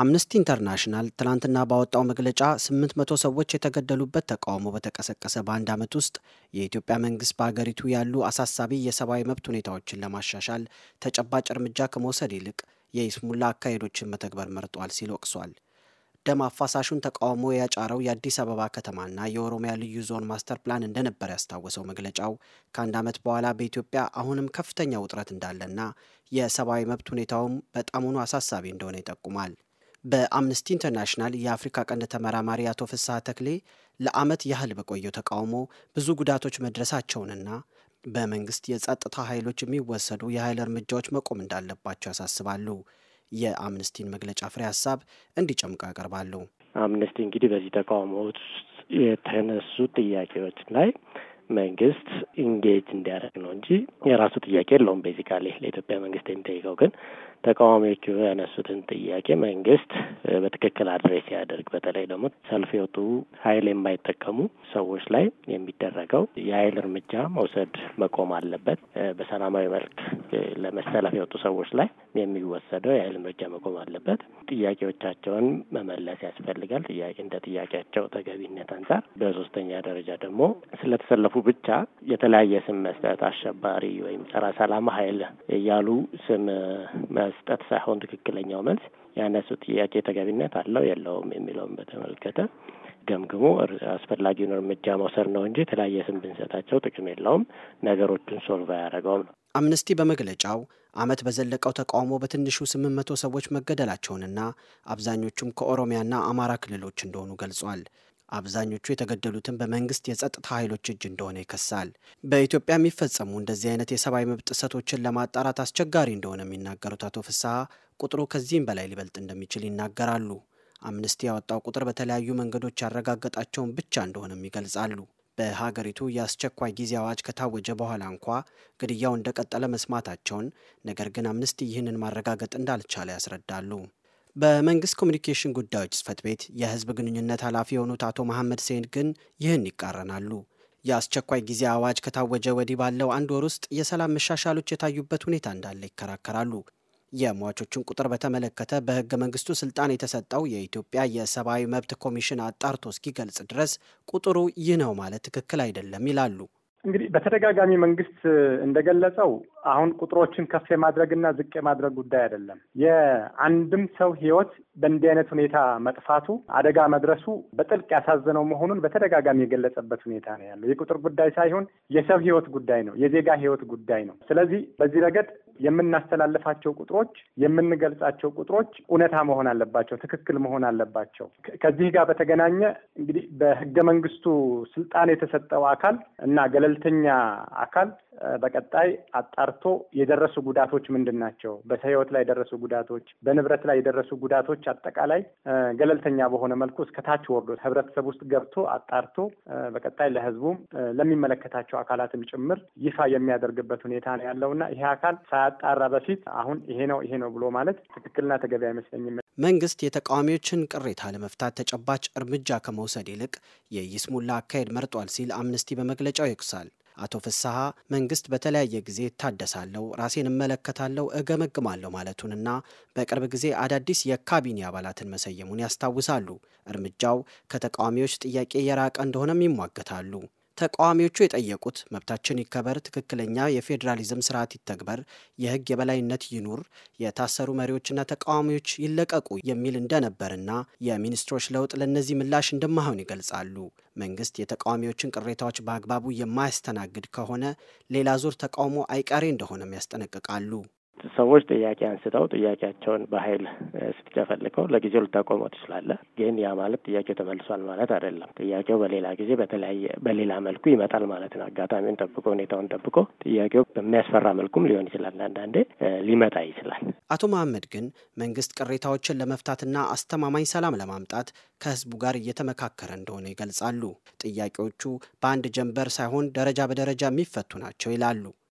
አምነስቲ ኢንተርናሽናል ትናንትና ባወጣው መግለጫ 800 ሰዎች የተገደሉበት ተቃውሞ በተቀሰቀሰ በአንድ ዓመት ውስጥ የኢትዮጵያ መንግስት በአገሪቱ ያሉ አሳሳቢ የሰብአዊ መብት ሁኔታዎችን ለማሻሻል ተጨባጭ እርምጃ ከመውሰድ ይልቅ የይስሙላ አካሄዶችን መተግበር መርጧል ሲል ወቅሷል። ደም አፋሳሹን ተቃውሞ ያጫረው የአዲስ አበባ ከተማና የኦሮሚያ ልዩ ዞን ማስተር ፕላን እንደነበር ያስታወሰው መግለጫው ከአንድ ዓመት በኋላ በኢትዮጵያ አሁንም ከፍተኛ ውጥረት እንዳለና የሰብአዊ መብት ሁኔታውም በጣሙኑ አሳሳቢ እንደሆነ ይጠቁማል። በአምነስቲ ኢንተርናሽናል የአፍሪካ ቀንድ ተመራማሪ አቶ ፍስሐ ተክሌ ለዓመት ያህል በቆየው ተቃውሞ ብዙ ጉዳቶች መድረሳቸውንና በመንግስት የጸጥታ ኃይሎች የሚወሰዱ የኃይል እርምጃዎች መቆም እንዳለባቸው ያሳስባሉ። የአምነስቲን መግለጫ ፍሬ ሀሳብ እንዲጨምቀው ያቀርባሉ። አምነስቲ እንግዲህ በዚህ ተቃውሞ ውስጥ የተነሱ ጥያቄዎች ላይ መንግስት ኢንጌጅ እንዲያደርግ ነው እንጂ የራሱ ጥያቄ የለውም። ቤዚካሊ ለኢትዮጵያ መንግስት የሚጠይቀው ግን ተቃዋሚዎቹ ያነሱትን ጥያቄ መንግስት በትክክል አድሬስ ያደርግ። በተለይ ደግሞ ሰልፍ የወጡ ኃይል የማይጠቀሙ ሰዎች ላይ የሚደረገው የኃይል እርምጃ መውሰድ መቆም አለበት። በሰላማዊ መልክ ለመሰለፍ የወጡ ሰዎች ላይ የሚወሰደው የኃይል እርምጃ መቆም አለበት። ጥያቄዎቻቸውን መመለስ ያስፈልጋል። ጥያቄ እንደ ጥያቄያቸው ተገቢነት አንጻር፣ በሶስተኛ ደረጃ ደግሞ ስለተሰለፉ በመጻፉ ብቻ የተለያየ ስም መስጠት አሸባሪ ወይም ጸረ ሰላም ኃይል እያሉ ስም መስጠት ሳይሆን ትክክለኛው መልስ ያነሱ ጥያቄ ተገቢነት አለው የለውም የሚለውን በተመለከተ ገምግሞ አስፈላጊውን እርምጃ መውሰድ ነው እንጂ የተለያየ ስም ብንሰጣቸው ጥቅም የለውም፣ ነገሮቹን ሶልቭ አያደርገውም ነው። አምነስቲ በመግለጫው ዓመት በዘለቀው ተቃውሞ በትንሹ ስምንት መቶ ሰዎች መገደላቸውንና አብዛኞቹም ከኦሮሚያና አማራ ክልሎች እንደሆኑ ገልጿል። አብዛኞቹ የተገደሉትን በመንግስት የጸጥታ ኃይሎች እጅ እንደሆነ ይከሳል። በኢትዮጵያ የሚፈጸሙ እንደዚህ አይነት የሰብአዊ መብት ጥሰቶችን ለማጣራት አስቸጋሪ እንደሆነ የሚናገሩት አቶ ፍስሐ ቁጥሩ ከዚህም በላይ ሊበልጥ እንደሚችል ይናገራሉ። አምነስቲ ያወጣው ቁጥር በተለያዩ መንገዶች ያረጋገጣቸውን ብቻ እንደሆነም ይገልጻሉ። በሀገሪቱ የአስቸኳይ ጊዜ አዋጅ ከታወጀ በኋላ እንኳ ግድያው እንደቀጠለ መስማታቸውን፣ ነገር ግን አምነስቲ ይህንን ማረጋገጥ እንዳልቻለ ያስረዳሉ። በመንግስት ኮሚኒኬሽን ጉዳዮች ጽህፈት ቤት የህዝብ ግንኙነት ኃላፊ የሆኑት አቶ መሐመድ ሴን ግን ይህን ይቃረናሉ። የአስቸኳይ ጊዜ አዋጅ ከታወጀ ወዲህ ባለው አንድ ወር ውስጥ የሰላም መሻሻሎች የታዩበት ሁኔታ እንዳለ ይከራከራሉ። የሟቾቹን ቁጥር በተመለከተ በህገ መንግስቱ ስልጣን የተሰጠው የኢትዮጵያ የሰብአዊ መብት ኮሚሽን አጣርቶ እስኪገልጽ ድረስ ቁጥሩ ይህ ነው ማለት ትክክል አይደለም ይላሉ። እንግዲህ በተደጋጋሚ መንግስት እንደገለጸው አሁን ቁጥሮችን ከፍ የማድረግና ዝቅ የማድረግ ጉዳይ አይደለም። የአንድም ሰው ህይወት በእንዲህ አይነት ሁኔታ መጥፋቱ አደጋ መድረሱ በጥልቅ ያሳዘነው መሆኑን በተደጋጋሚ የገለጸበት ሁኔታ ነው ያለው። የቁጥር ጉዳይ ሳይሆን የሰው ሕይወት ጉዳይ ነው፣ የዜጋ ሕይወት ጉዳይ ነው። ስለዚህ በዚህ ረገድ የምናስተላልፋቸው ቁጥሮች፣ የምንገልጻቸው ቁጥሮች እውነታ መሆን አለባቸው፣ ትክክል መሆን አለባቸው። ከዚህ ጋር በተገናኘ እንግዲህ በህገ መንግስቱ ስልጣን የተሰጠው አካል እና ገለልተኛ አካል በቀጣይ አጣርቶ የደረሱ ጉዳቶች ምንድን ናቸው፣ በሕይወት ላይ የደረሱ ጉዳቶች፣ በንብረት ላይ የደረሱ ጉዳቶች አጠቃላይ ገለልተኛ በሆነ መልኩ እስከታች ወርዶ ህብረተሰብ ውስጥ ገብቶ አጣርቶ በቀጣይ ለህዝቡ ለሚመለከታቸው አካላትም ጭምር ይፋ የሚያደርግበት ሁኔታ ነው ያለውና ይሄ አካል ሳያጣራ በፊት አሁን ይሄ ነው ይሄ ነው ብሎ ማለት ትክክልና ተገቢ አይመስለኝም። መንግስት የተቃዋሚዎችን ቅሬታ ለመፍታት ተጨባጭ እርምጃ ከመውሰድ ይልቅ የይስሙላ አካሄድ መርጧል ሲል አምነስቲ በመግለጫው ይወቅሳል። አቶ ፍስሐ መንግስት በተለያየ ጊዜ እታደሳለሁ፣ ራሴን እመለከታለሁ፣ እገመግማለሁ ማለቱንና በቅርብ ጊዜ አዳዲስ የካቢኔ አባላትን መሰየሙን ያስታውሳሉ። እርምጃው ከተቃዋሚዎች ጥያቄ የራቀ እንደሆነም ይሟገታሉ። ተቃዋሚዎቹ የጠየቁት መብታችን ይከበር፣ ትክክለኛ የፌዴራሊዝም ስርዓት ይተግበር፣ የህግ የበላይነት ይኑር፣ የታሰሩ መሪዎችና ተቃዋሚዎች ይለቀቁ የሚል እንደነበርና የሚኒስትሮች ለውጥ ለእነዚህ ምላሽ እንደማይሆን ይገልጻሉ። መንግስት የተቃዋሚዎችን ቅሬታዎች በአግባቡ የማያስተናግድ ከሆነ ሌላ ዙር ተቃውሞ አይቀሬ እንደሆነም ያስጠነቅቃሉ። ሰዎች ጥያቄ አንስተው ጥያቄያቸውን በኃይል ስትጨፈልቀው ለጊዜው ልታቆመው ትችላለህ። ግን ያ ማለት ጥያቄው ተመልሷል ማለት አይደለም። ጥያቄው በሌላ ጊዜ በተለያየ በሌላ መልኩ ይመጣል ማለት ነው። አጋጣሚውን ጠብቆ ሁኔታውን ጠብቆ ጥያቄው በሚያስፈራ መልኩም ሊሆን ይችላል፣ አንዳንዴ ሊመጣ ይችላል። አቶ መሀመድ ግን መንግስት ቅሬታዎችን ለመፍታትና አስተማማኝ ሰላም ለማምጣት ከህዝቡ ጋር እየተመካከረ እንደሆነ ይገልጻሉ። ጥያቄዎቹ በአንድ ጀንበር ሳይሆን ደረጃ በደረጃ የሚፈቱ ናቸው ይላሉ።